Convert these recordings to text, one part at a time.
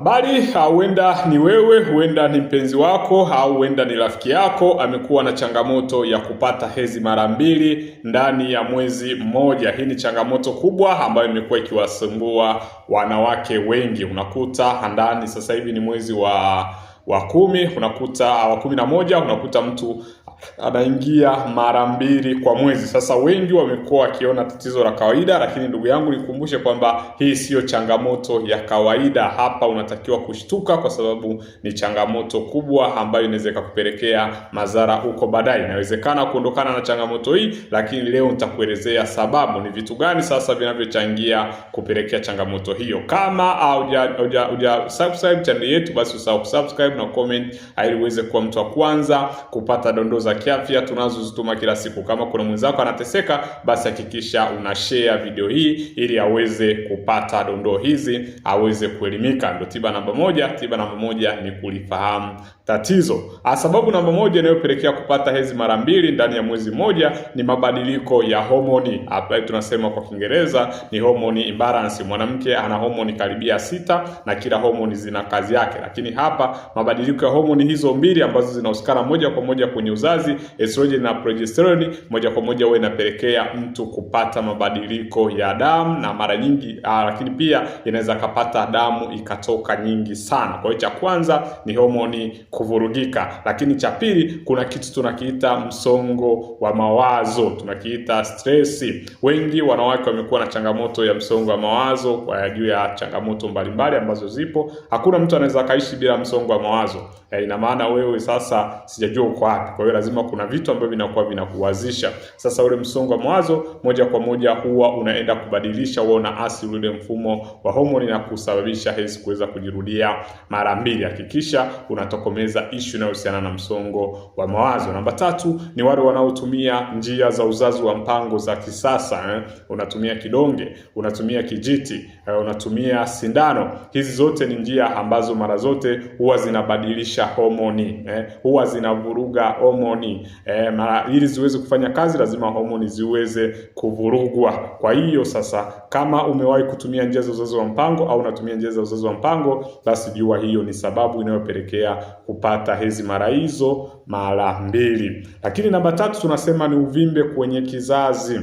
Habari, huenda ni wewe, huenda ni mpenzi wako, au huenda ni rafiki yako amekuwa na changamoto ya kupata hedhi mara mbili ndani ya mwezi mmoja. Hii ni changamoto kubwa ambayo imekuwa ikiwasumbua wanawake wengi. Unakuta ndani, sasa hivi ni mwezi wa wa kumi unakuta ah, wa kumi na moja unakuta mtu anaingia mara mbili kwa mwezi. Sasa wengi wamekuwa wakiona tatizo la kawaida, lakini ndugu yangu nikumbushe kwamba hii siyo changamoto ya kawaida. Hapa unatakiwa kushtuka, kwa sababu ni changamoto kubwa ambayo inaweza ikakupelekea madhara huko baadaye. Inawezekana kuondokana na changamoto hii, lakini leo nitakuelezea sababu ni vitu gani sasa vinavyochangia kupelekea changamoto hiyo. Kama hauja subscribe channel yetu, basi usahau kusubscribe subscribe na comment ili uweze kuwa mtu wa kwanza kupata dondoo za kiafya tunazozituma kila siku. Kama kuna mwenzako anateseka, basi hakikisha una share video hii ili aweze kupata dondoo hizi, aweze kuelimika. Ndio tiba namba moja. Tiba namba moja ni kulifahamu tatizo. Ah, sababu namba moja inayopelekea kupata hedhi mara mbili ndani ya mwezi mmoja ni mabadiliko ya homoni hapa tunasema kwa Kiingereza ni homoni imbalance. Mwanamke ana homoni karibia sita na kila homoni zina kazi yake, lakini hapa mabadiliko ya homoni hizo mbili ambazo zinahusikana moja kwa moja kwenye uzazi, estrogen na progesterone, moja kwa moja huwa inapelekea mtu kupata mabadiliko ya damu na mara nyingi aa, ah, lakini pia inaweza kapata damu ikatoka nyingi sana. Kwa hiyo cha kwanza ni homoni kuvurugika, lakini cha pili kuna kitu tunakiita msongo wa mawazo, tunakiita stress. Wengi wanawake wamekuwa na changamoto ya msongo wa mawazo kwa juu ya changamoto mbalimbali ambazo zipo. Hakuna mtu anaweza kaishi bila msongo wa mawazo mawazo e, ina maana wewe sasa sijajua uko wapi. Kwa hiyo lazima kuna vitu ambavyo vinakuwa vinakuwazisha. Sasa ule msongo wa mawazo moja kwa moja huwa unaenda kubadilisha, huwa una asili ule mfumo wa homoni na kusababisha hedhi kuweza kujirudia mara mbili. Hakikisha unatokomeza ishu inayohusiana na msongo wa mawazo. Namba tatu ni wale wanaotumia njia za uzazi wa mpango za kisasa eh. Unatumia kidonge, unatumia kijiti eh, unatumia sindano. Hizi zote ni njia ambazo mara zote huwa zina zinabadilisha homoni eh, huwa zinavuruga homoni eh, mara ili ziweze kufanya kazi lazima homoni ziweze kuvurugwa. Kwa hiyo sasa, kama umewahi kutumia njia za uzazi wa mpango au unatumia njia za uzazi wa mpango, basi jua hiyo ni sababu inayopelekea kupata hezi mara hizo mara mbili. Lakini namba tatu tunasema ni uvimbe kwenye kizazi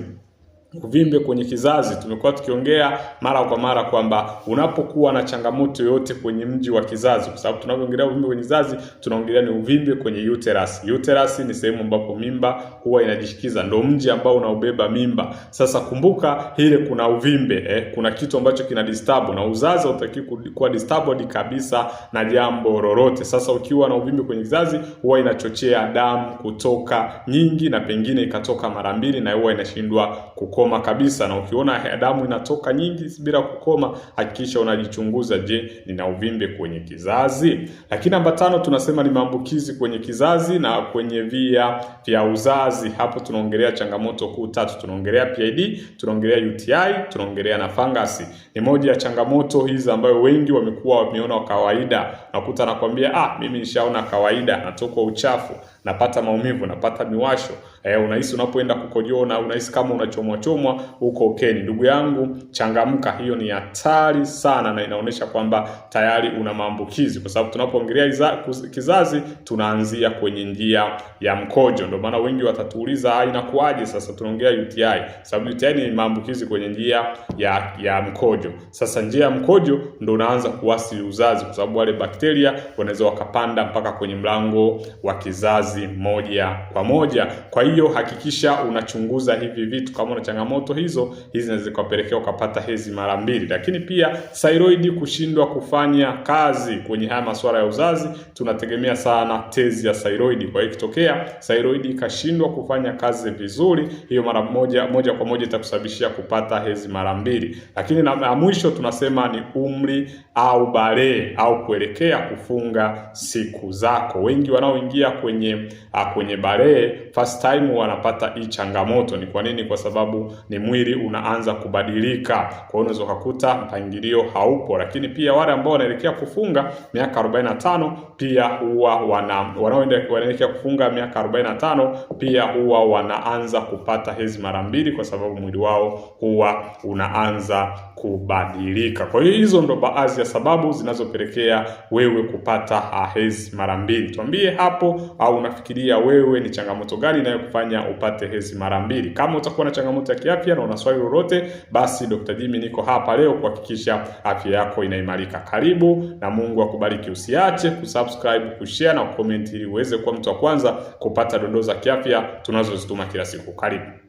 uvimbe kwenye kizazi. Tumekuwa tukiongea mara kwa mara kwamba unapokuwa na changamoto yoyote kwenye mji wa kizazi, kwa sababu tunapoongelea uvimbe kwenye kizazi tunaongelea ni uvimbe kwenye uterus. Uterus ni sehemu ambapo mimba huwa inajishikiza, ndio mji ambao unaobeba mimba. Sasa kumbuka ile kuna uvimbe eh, kuna kitu ambacho kina disturb na uzazi hautaki kuwa disturbed kabisa na jambo lolote. Sasa ukiwa na uvimbe kwenye kizazi huwa inachochea damu kutoka nyingi na pengine ikatoka mara mbili na huwa inashindwa kuko kukoma kabisa. Na ukiona damu inatoka nyingi bila kukoma, hakikisha unajichunguza, je, nina uvimbe kwenye kizazi? Lakini namba tano tunasema ni maambukizi kwenye kizazi na kwenye via vya uzazi. Hapo tunaongelea changamoto kuu tatu, tunaongelea PID, tunaongelea UTI, tunaongelea na fangasi. Ni moja ya changamoto hizi ambayo wengi wamekuwa wameona kawaida, nakuta nakwambia, ah, mimi nishaona kawaida, natokwa uchafu, napata maumivu, napata miwasho e, unahisi unapoenda kukojona, unahisi kama unachomwa chomwa huko ukeni. ndugu yangu, changamka, hiyo ni hatari sana na inaonyesha kwamba tayari una maambukizi, kwa sababu tunapoongelea kizazi tunaanzia kwenye njia ya mkojo. Ndio maana wengi watatuuliza ah, inakuaje sasa tunaongelea UTI, sababu UTI ni maambukizi kwenye njia ya ya mkojo. Sasa njia ya mkojo ndio unaanza kuwasili uzazi, kwa sababu wale bakteria wanaweza wakapanda mpaka kwenye mlango wa kizazi moja kwa moja kwa hiyo hakikisha unachunguza hivi vitu, kama una changamoto hizo, hizi zinaweza zikapelekea ukapata hezi mara mbili. Lakini pia thyroid kushindwa kufanya kazi kwenye haya masuala ya uzazi, tunategemea sana tezi ya thyroid. Kwa hiyo ikitokea thyroid ikashindwa kufanya kazi vizuri, hiyo mara moja moja kwa moja itakusababishia kupata hezi mara mbili. Lakini na mwisho tunasema ni umri au balee au kuelekea kufunga siku zako. Wengi wanaoingia kwenye a, kwenye balee first time time wanapata hii changamoto. Ni kwa nini? Kwa sababu ni mwili unaanza kubadilika, kwa hiyo unaweza kukuta mpangilio haupo. Lakini pia wale ambao wanaelekea kufunga miaka 45 pia huwa wana wanaoelekea kufunga miaka 45 pia huwa wanaanza kupata hedhi mara mbili, kwa sababu mwili wao huwa unaanza kubadilika. Kwa hiyo hizo ndo baadhi ya sababu zinazopelekea wewe kupata ah, hedhi mara mbili. Tuambie hapo, au unafikiria wewe ni changamoto gani inayo kufanya upate hezi mara mbili. Kama utakuwa na changamoto ya kiafya na una swali lolote, basi Dr. Jimmy niko hapa leo kuhakikisha afya yako inaimarika. Karibu na Mungu akubariki. Usiache kusubscribe, kushare na kucomment ili uweze kuwa mtu wa kwanza kupata dondoo za kiafya tunazozituma kila siku. Karibu.